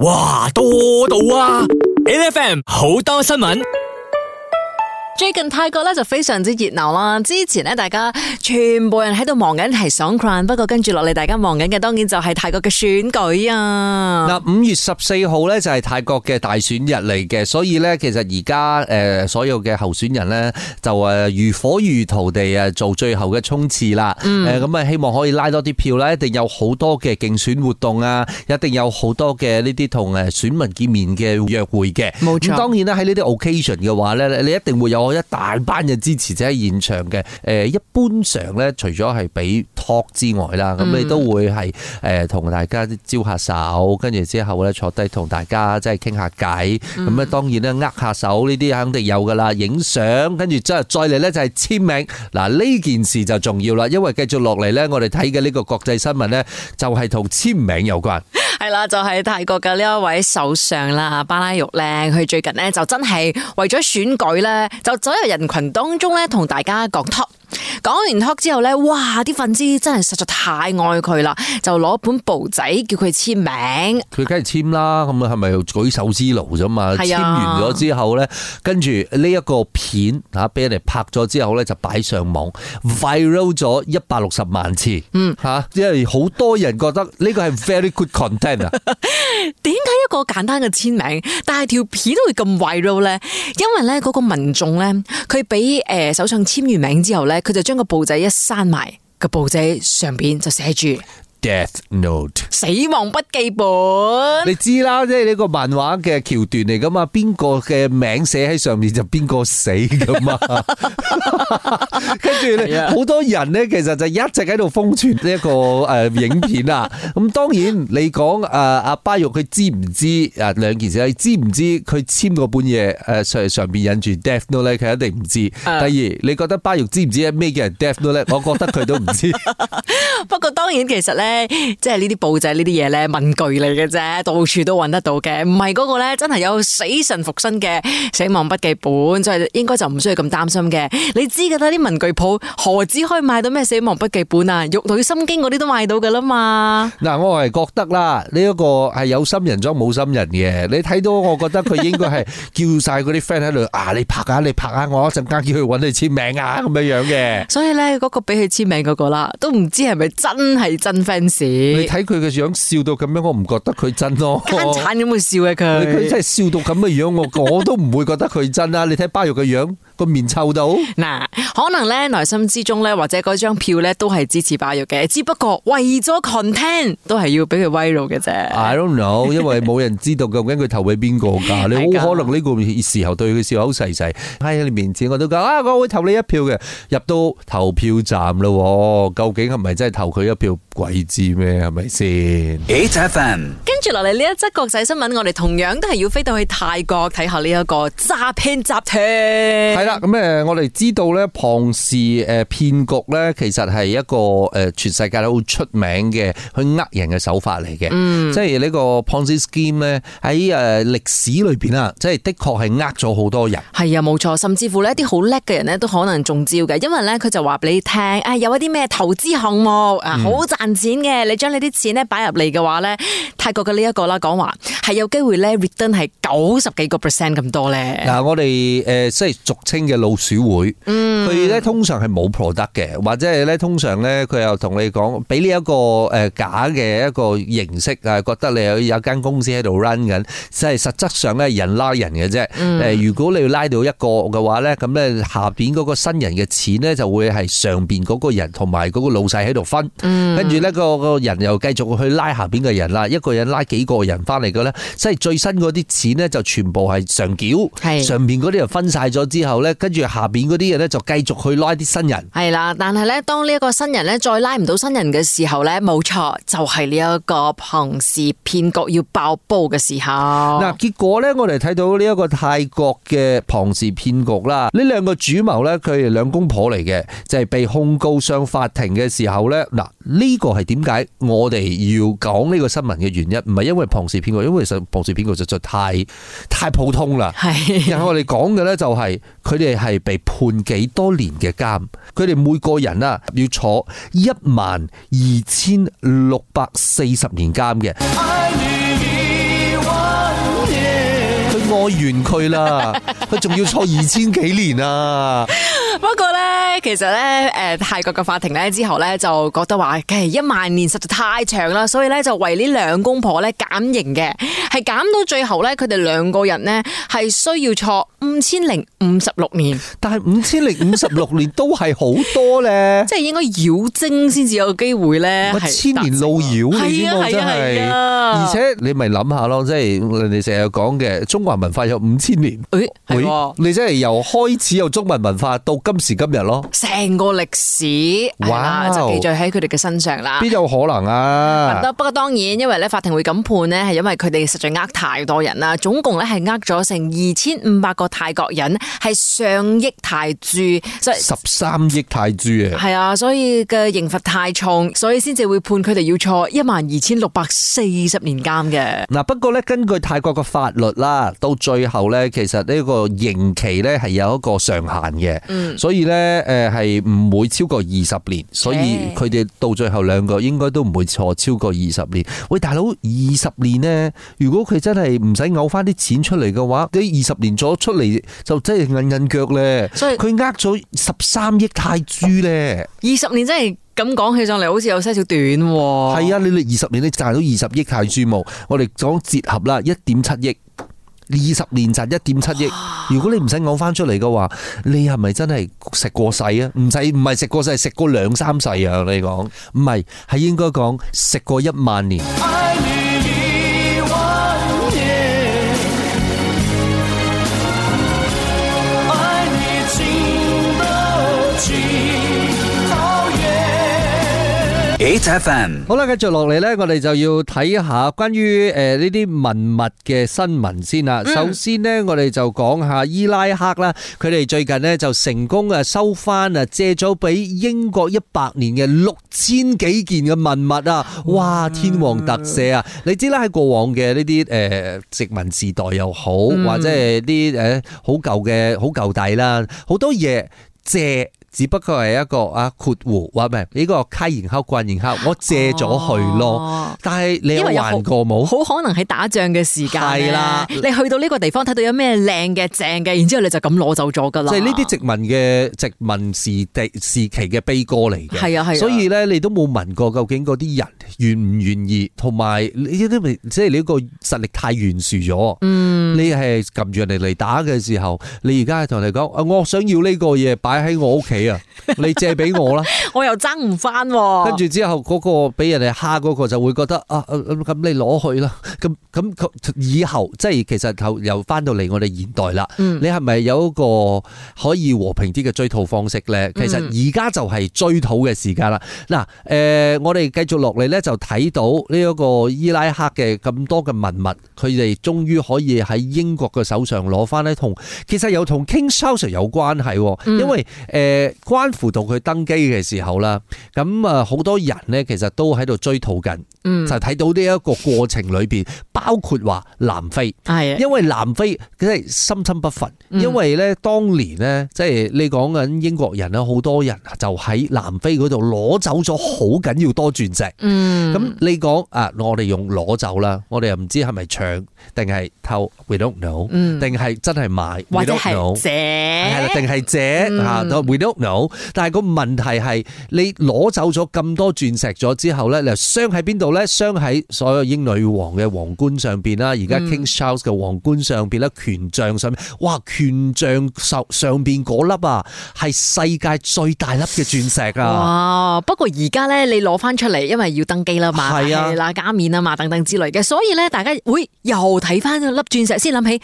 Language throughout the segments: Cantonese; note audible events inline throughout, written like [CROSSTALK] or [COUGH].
哇，多到啊！NFM 好多新聞。最近泰國咧就非常之熱鬧啦。之前咧，大家全部人喺度望緊係選 r u 不過跟住落嚟，大家望緊嘅當然就係泰國嘅選舉啊。嗱，五月十四號咧就係泰國嘅大選日嚟嘅，所以咧其實而家誒所有嘅候選人咧就誒如火如荼地誒做最後嘅衝刺啦。誒咁啊希望可以多拉多啲票啦，一定有好多嘅競選活動啊，一定有好多嘅呢啲同誒選民見面嘅約會嘅。冇錯。當然啦，喺呢啲 occasion 嘅話咧，你一定會有。有一大班嘅支持者喺現場嘅。誒，一般常咧，除咗係俾 talk 之外啦，咁、嗯、你都會係誒同大家招下手，跟住之後咧坐低同大家即係傾下偈。咁、嗯、咧當然咧握下手呢啲肯定有噶啦，影相跟住即係再嚟咧就係簽名。嗱，呢件事就重要啦，因為繼續落嚟咧，我哋睇嘅呢個國際新聞咧就係同簽名有關。係啦，就係泰國嘅呢一位首相啦，巴拉玉咧，佢最近咧就真係為咗選舉咧，就走入人群當中咧，同大家講 talk。講完 talk 之後咧，哇！啲粉絲真係實在太愛佢啦，就攞本簿仔叫佢簽名。佢梗係簽啦，咁啊係咪舉手之勞啫嘛？簽完咗之後咧，跟住呢一個片吓俾人哋拍咗之後咧，就擺上網，viral 咗一百六十萬次。嗯吓，因為好多人覺得呢個係 very good content 啊。點解一個簡單嘅簽名，但係條片會咁 viral 咧？因為咧嗰個民眾咧，佢俾誒首相簽完名之後咧。佢就將個簿仔一閂埋，個簿仔上邊就寫住。Death Note，死亡筆記本，你知啦，即係呢個漫畫嘅橋段嚟噶嘛？邊個嘅名寫喺上面就邊個死噶嘛？跟住咧，好多人咧，其實就一直喺度瘋傳呢一個誒影片啊。咁當然，你講誒阿巴玉佢知唔知啊兩件事？你知唔知佢簽個半夜誒上上邊引住 Death Note 咧？佢一定唔知。第二，你覺得巴玉知唔知咩叫 Death Note 咧？我覺得佢都唔知。 [LAUGHS] [LAUGHS] 不過當然，其實咧。即係呢啲報紙呢啲嘢咧，文具嚟嘅啫，到處都揾得到嘅，唔係嗰個咧，真係有死神復生嘅死亡筆記本，即係應該就唔需要咁擔心嘅。你知噶啦，啲文具鋪何止可以買到咩死亡筆記本啊，玉女心經嗰啲都買到噶啦嘛。嗱，我係覺得啦，呢、這、一個係有心人裝冇心人嘅。你睇到，我覺得佢應該係叫晒嗰啲 friend 喺度啊，你拍下，你拍下我一陣間叫佢揾你簽名啊，咁樣樣嘅。所以咧，嗰個俾佢簽名嗰、那個啦，都唔知係咪真係真 f 你睇佢嘅樣笑到咁樣，我唔覺得佢真咯、啊，攤產咁嘅笑嘅、啊、佢，佢真係笑到咁嘅樣，我我都唔會覺得佢真啦、啊。 [LAUGHS] 你睇巴育嘅樣子。個面臭到嗱，可能咧內心之中咧，或者嗰張票咧都係支持霸玉嘅，只不過為咗 content 都係要俾佢威到嘅啫。I don't know，因為冇人知道究竟佢投俾邊個㗎，你好可能呢個時候對佢笑口噬噬喺你面前，我都講啊，我會投你一票嘅。入到投票站咯，究竟係咪真係投佢一票，鬼知咩？係咪先？Eight FM，跟住落嚟呢一則國際新聞，我哋同樣都係要飛到去泰國睇下呢一個詐騙集團。咁、嗯、誒我哋知道咧，龐氏誒騙局咧，其實係一個誒全世界都好出名嘅，去呃人嘅手法嚟嘅。嗯，即係呢個 Ponzi Scheme 咧，喺誒歷史裏邊啊，即係的確係呃咗好多人。係啊，冇錯，甚至乎咧，一啲好叻嘅人咧，都可能中招嘅，因為咧，佢就話俾你聽啊，有一啲咩投資項目啊，嗯、好賺錢嘅，你將你啲錢咧擺入嚟嘅話咧，泰國嘅呢一個啦講話係有機會咧，return 係九十幾個 percent 咁多咧。嗱、嗯，我哋誒即係俗稱。嘅老鼠會，佢咧通常係冇 product 嘅，或者係咧通常咧佢又同你講，俾呢一個誒假嘅一個形式啊，覺得你有有間公司喺度 run 緊，即係實質上咧人拉人嘅啫。誒，如果你要拉到一個嘅話咧，咁咧下邊嗰個新人嘅錢咧就會係上邊嗰個人同埋嗰個老細喺度分，跟住咧個個人又繼續去拉下邊嘅人啦。一個人拉幾個人翻嚟嘅咧，即係最新嗰啲錢咧就全部係上繳，上邊嗰啲人分曬咗之後咧。跟住下邊嗰啲人呢，就繼續去拉啲新人。係啦，但係呢，當呢一個新人呢，再拉唔到新人嘅時候呢，冇錯，就係呢一個龐氏騙局要爆煲嘅時候。嗱，結果呢，我哋睇到呢一個泰國嘅龐氏騙局啦，呢兩個主謀呢，佢哋兩公婆嚟嘅，就係被控告上法庭嘅時候呢。嗱，呢個係點解我哋要講呢個新聞嘅原因？唔係因為龐氏騙局，因為其實龐氏騙局實在太太普通啦。係，然後我哋講嘅呢，就係。佢哋係被判幾多年嘅監？佢哋每個人啊要坐一萬二千六百四十年監嘅，佢 [LAUGHS] 愛完佢啦，佢仲要坐二千幾年啊！不過咧，其實咧，誒、呃，泰國嘅法庭咧之後咧，就覺得話，誒，一萬年實在太長啦，所以咧就為兩呢兩公婆咧減刑嘅，係減到最後咧，佢哋兩個人呢係需要坐五千零五十六年。但係五千零五十六年都係好多咧， [LAUGHS] 即係應該妖精先至有機會咧，千年老妖你啊，啊，啊，真係、啊啊。而且你咪諗下咯，即係你哋成日講嘅，中華文，文化有五千年，係、啊哎、你真係由開始有中文文化到今。今時今日咯，成個歷史係、wow, 就記載喺佢哋嘅身上啦。邊有可能啊？得不過當然，因為咧法庭會咁判呢，係因為佢哋實在呃太多人啦。總共咧係呃咗成二千五百個泰國人，係上億泰銖，即係十三億泰銖啊！係啊，所以嘅刑罰太重，所以先至會判佢哋要坐一萬二千六百四十年監嘅。嗱，不過咧，根據泰國嘅法律啦，到最後咧，其實呢個刑期咧係有一個上限嘅。嗯。所以咧，誒係唔會超過二十年，所以佢哋到最後兩個應該都唔會錯超過二十年。喂，大佬二十年呢？如果佢真係唔使嘔翻啲錢出嚟嘅話，你二十年咗出嚟就真係韌韌腳咧。所以佢呃咗十三億泰銖咧。二十年真係咁講起上嚟，好似有些少短喎。係啊，你哋二十年你賺到二十億泰銖冇？我哋講折合啦，一點七億。二十年賺一點七億，如果你唔使講翻出嚟嘅話，你係咪真係食過世啊？唔使唔係食過世，食過兩三世啊！我你講唔係，係應該講食過一萬年。好啦，繼續落嚟呢，我哋就要睇下關於誒呢啲文物嘅新聞先啦。首先呢，我哋就講下伊拉克啦，佢哋最近呢，就成功啊收翻啊借咗俾英國一百年嘅六千幾件嘅文物啊！哇，天王特赦啊！你知啦，喺過往嘅呢啲誒殖民時代又好，或者係啲誒好舊嘅好舊底啦，好多嘢借。只不過係一個啊括弧，話咩？呢個開然後關，然後我借咗去咯。哦、但係你有沒有還過冇？好可能係打仗嘅時間。係啦，你去到呢個地方睇到有咩靚嘅正嘅，然之後你就咁攞走咗噶啦。即係呢啲殖民嘅殖民時地時期嘅悲歌嚟嘅。係啊係、啊。所以咧，你都冇問過究竟嗰啲人願唔願意，同埋呢啲都即係你個實力太懸殊咗。嗯，你係撳住人哋嚟打嘅時候，你而家係同你講，我想要呢個嘢擺喺我屋企。 [LAUGHS] 你借俾我啦，我又爭唔翻。跟住之後嗰個俾人哋蝦嗰個就會覺得啊，咁你攞去啦。咁咁以後即係其實又又翻到嚟我哋現代啦。你係咪有一個可以和平啲嘅追討方式咧？其實而家就係追討嘅時間啦。嗱，誒，我哋繼續落嚟咧，就睇到呢一個伊拉克嘅咁多嘅文物，佢哋終於可以喺英國嘅手上攞翻咧。同其實又同 King Charles 有關係，因為誒、呃。關乎到佢登基嘅時候啦，咁啊，好多人咧，其實都喺度追討緊，就睇到呢一個過程裏邊。包括話南非，係因為南非即係深深不忿，因為咧當年咧，即係你講緊英國人咧，好多人就喺南非嗰度攞走咗好緊要多鑽石。嗯，咁你講啊，我哋用攞走啦，我哋又唔知係咪搶定係偷，we don't know，定係真係買，we don't know，定係借，係啦定係借，啊，we don't know。但係個問題係你攞走咗咁多鑽石咗之後咧，你鑲喺邊度咧？鑲喺所有英女王嘅皇冠上邊啦，而家 King Charles 嘅皇冠上邊咧，權、嗯、杖上邊，哇，權杖上上邊嗰粒啊，係世界最大粒嘅鑽石啊！哇，不過而家咧，你攞翻出嚟，因為要登基啦嘛，係啊，那、啊、加冕啊嘛，等等之類嘅，所以咧，大家會又睇翻粒鑽石，先諗起粒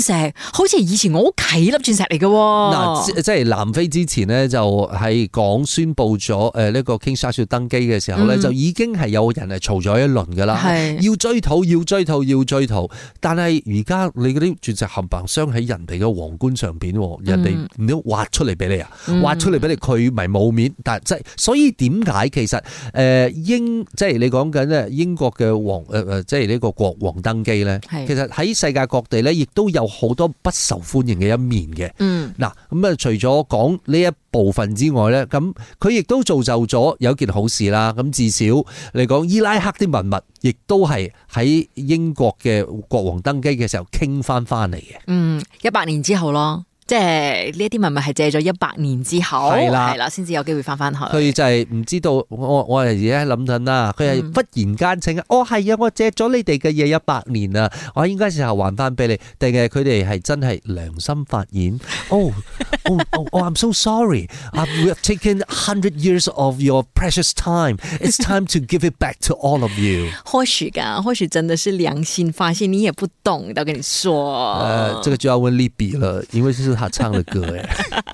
鑽石，好似以前我屋企粒鑽石嚟嘅、啊。嗱，即係南非之前咧，就係講宣佈咗誒呢個 King Charles 登基嘅時候咧、嗯，就已經係有人係嘈咗一輪噶啦，係要追討要。要追逃要追逃。但係而家你嗰啲鑽石冚唪唥鑲喺人哋嘅皇冠上邊，嗯、人哋唔好挖出嚟俾你啊！挖出嚟俾你，佢咪冇面？但係即係，所以點解其實誒英即係你講緊咧英國嘅皇誒誒，即係呢個國王登基咧？其實喺世界各地咧，亦都有好多不受歡迎嘅一面嘅。嗯，嗱咁啊，除咗講呢一部分之外呢，咁佢亦都造就咗有件好事啦。咁至少嚟講，伊拉克啲文物亦都係喺英國嘅國王登基嘅時候傾翻翻嚟嘅。嗯，一百年之後咯。即係呢啲文物係借咗一百年之後，係啦，係啦，先至有機會翻翻去。佢就係唔知道，我我係而家諗緊啦。佢係忽然間請、嗯，哦係啊，我借咗你哋嘅嘢一百年啦，我應該時候還翻俾你，定係佢哋係真係良心發現？哦哦 I'm so sorry. [LAUGHS] um, we have taken hundred years of your precious time. It's time to give it back to all of you。或許噶，或許真的是良心發現，你也不懂，我跟你說。誒、uh,，這個就要問利比了，因為吓，撐兩句。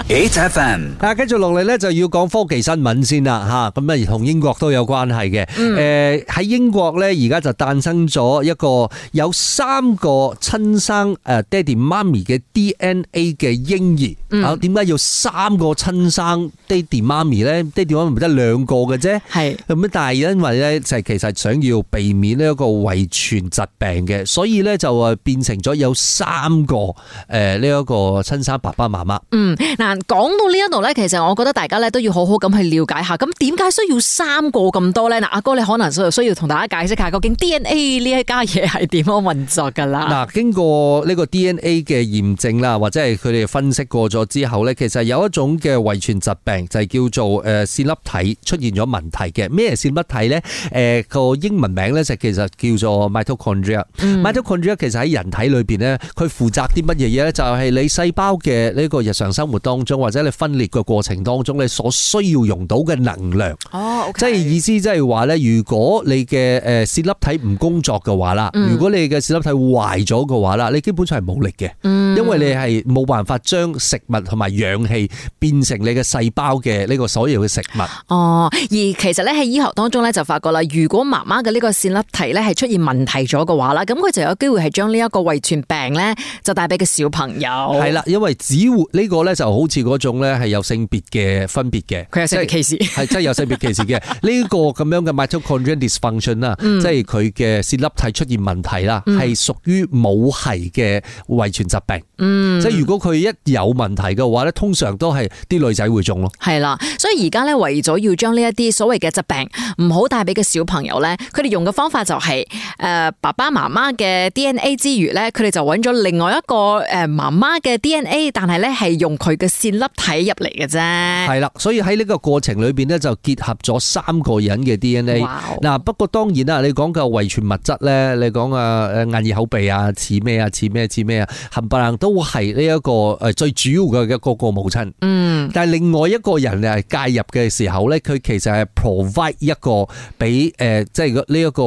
Eight FM，啊，繼續落嚟咧就要講科技新聞先啦，吓咁啊，同英國都有關係嘅。誒，喺英國咧而家就誕生咗一個有三個親生誒爹哋媽咪嘅 DNA 嘅嬰兒。啊，點解要三個親生爹哋媽咪咧？爹哋媽咪唔得兩個嘅啫。係咁咧，但係因為咧就係其實想要避免呢一個遺傳疾病嘅，所以咧就誒變成咗有三個誒呢一個親生。爸爸媽媽，嗯，嗱，講到呢一度咧，其實我覺得大家咧都要好好咁去了解下，咁點解需要三個咁多咧？嗱，阿哥你可能需要需要同大家解釋下，究竟 DNA 呢一家嘢係點樣運作噶啦？嗱，經過呢個 DNA 嘅驗證啦，或者係佢哋分析過咗之後咧，其實有一種嘅遺傳疾病就係叫做誒線粒體出現咗問題嘅。咩線粒體咧？誒個英文名咧就其實叫做 mitochondria。mitochondria 其實喺人體裏邊咧，佢負責啲乜嘢嘢咧？就係你細胞嘅呢個日常生活當中，或者你分裂嘅過程當中，你所需要用到嘅能量，哦，即係意思即係話咧，如果你嘅誒線粒體唔工作嘅話啦，如果你嘅線粒體壞咗嘅話啦，你基本上係冇力嘅，嗯，因為你係冇辦法將食物同埋氧氣變成你嘅細胞嘅呢個所有嘅食物。哦，而其實咧喺醫學當中咧就發覺啦，如果媽媽嘅呢個線粒體咧係出現問題咗嘅話啦，咁佢就有機會係將呢一個遺傳病咧就帶俾個小朋友。係啦，因為。只會呢個咧就好似嗰種咧係有性別嘅分別嘅，佢有性別歧視，係真係有性別歧視嘅呢 [LAUGHS] 個咁樣嘅 mitochondria dysfunction 啦、嗯，即係佢嘅線粒體出現問題啦，係屬於母系嘅遺傳疾病、嗯。即係如果佢一有問題嘅話咧，通常都係啲女仔會中咯。係啦，所以而家咧為咗要將呢一啲所謂嘅疾病唔好帶俾個小朋友咧，佢哋用嘅方法就係誒爸爸媽媽嘅 DNA 之餘咧，佢哋就揾咗另外一個誒媽媽嘅 DNA。誒，但係咧係用佢嘅線粒體入嚟嘅啫，係啦，所以喺呢個過程裏邊咧就結合咗三個人嘅 DNA。嗱，不過當然啦，你講嘅遺傳物質咧，你講啊誒眼耳口鼻啊，似咩啊，似咩似咩啊，冚唪唥都係呢一個誒最主要嘅嘅個個母親。嗯，但係另外一個人啊介入嘅時候咧，佢其實係 provide 一個俾誒即係呢一個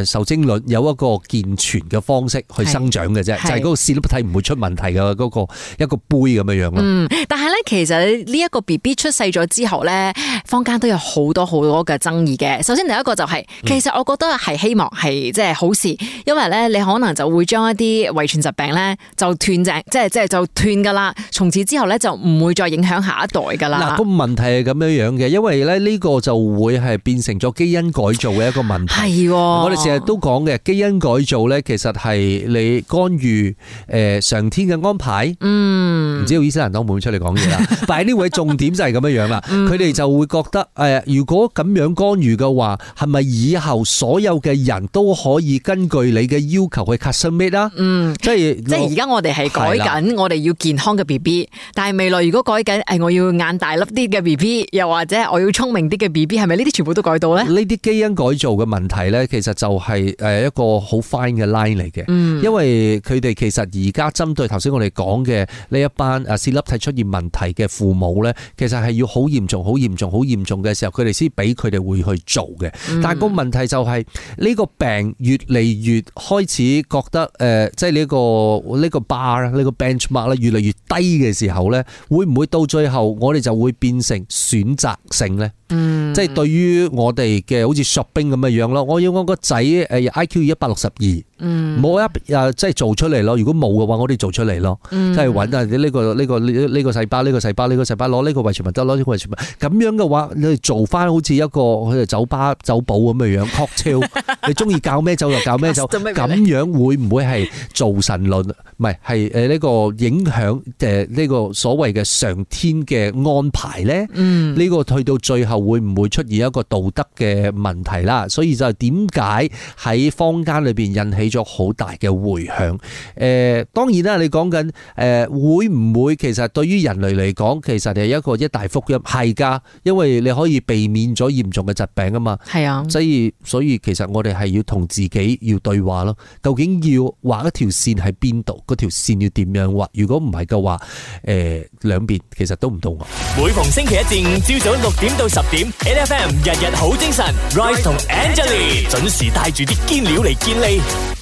誒受精卵有一個健全嘅方式去生長嘅啫，就係嗰個線粒體唔會出問題嘅嗰個一個。個杯咁樣樣咯，嗯。但其實呢一個 BB 出世咗之後咧，坊間都有好多好多嘅爭議嘅。首先第一個就係、是，其實我覺得係希望係即係好事，嗯、因為咧你可能就會將一啲遺傳疾病咧就斷淨，即係即係就斷噶啦。從此之後咧就唔會再影響下一代噶啦。嗱，咁問題係咁樣樣嘅，因為咧呢個就會係變成咗基因改造嘅一個問題。係、嗯，我哋成日都講嘅基因改造咧，其實係你干預誒上天嘅安排。嗯，唔知道伊斯蘭黨都會唔會出嚟講？但係呢位重點就係咁樣樣啦，佢哋就會覺得誒，如果咁樣干預嘅話，係咪以後所有嘅人都可以根據你嘅要求去 customize 啦？嗯，即係即係而家我哋係改緊，我哋要健康嘅 B B，但係未來如果改緊誒，我要眼大粒啲嘅 B B，又或者我要聰明啲嘅 B B，係咪呢啲全部都改到咧？呢啲基因改造嘅問題咧，其實就係誒一個好 fine 嘅 line 嚟嘅，因為佢哋其實而家針對頭先我哋講嘅呢一班誒線粒體出現問提嘅父母咧，其實係要好嚴重、好嚴重、好嚴重嘅時候，佢哋先俾佢哋會去做嘅。但係個問題就係呢個病越嚟越開始覺得誒即係呢個呢個 bar 呢個 benchmark 咧越嚟越低嘅時候咧，會唔會到最後我哋就會變成選擇性咧？嗯，即係對於我哋嘅好似 shopping 咁嘅樣咯。我要我個仔誒 IQ 一百六十二，嗯，冇一誒即係做出嚟咯。如果冇嘅話我哋做出嚟咯，即係揾啊呢個呢個呢個細胞。呢個細胞，呢個細胞攞呢個遺傳物得，攞呢個遺傳物，咁樣嘅話，你做翻好似一個佢哋酒吧酒保咁嘅樣，擴超，你中意教咩酒就教咩酒就，咁 [LAUGHS] 樣會唔會係造神論？唔係，係誒呢個影響誒呢個所謂嘅上天嘅安排咧？呢、嗯呢個去到最後會唔會出現一個道德嘅問題啦？所以就係點解喺坊間裏邊引起咗好大嘅回響？誒、呃，當然啦，你講緊誒會唔會其實對於人類？嚟講，其實係一個一大福音，係噶，因為你可以避免咗嚴重嘅疾病啊嘛。係啊，所以所以其實我哋係要同自己要對話咯。究竟要畫一條線喺邊度？嗰條線要點樣畫？如果唔係嘅話，誒，兩邊其實都唔同。每逢星期一至五朝早六點到十點，N F M 日日好精神，Ryde 同 Angelie 準時帶住啲堅料嚟見你。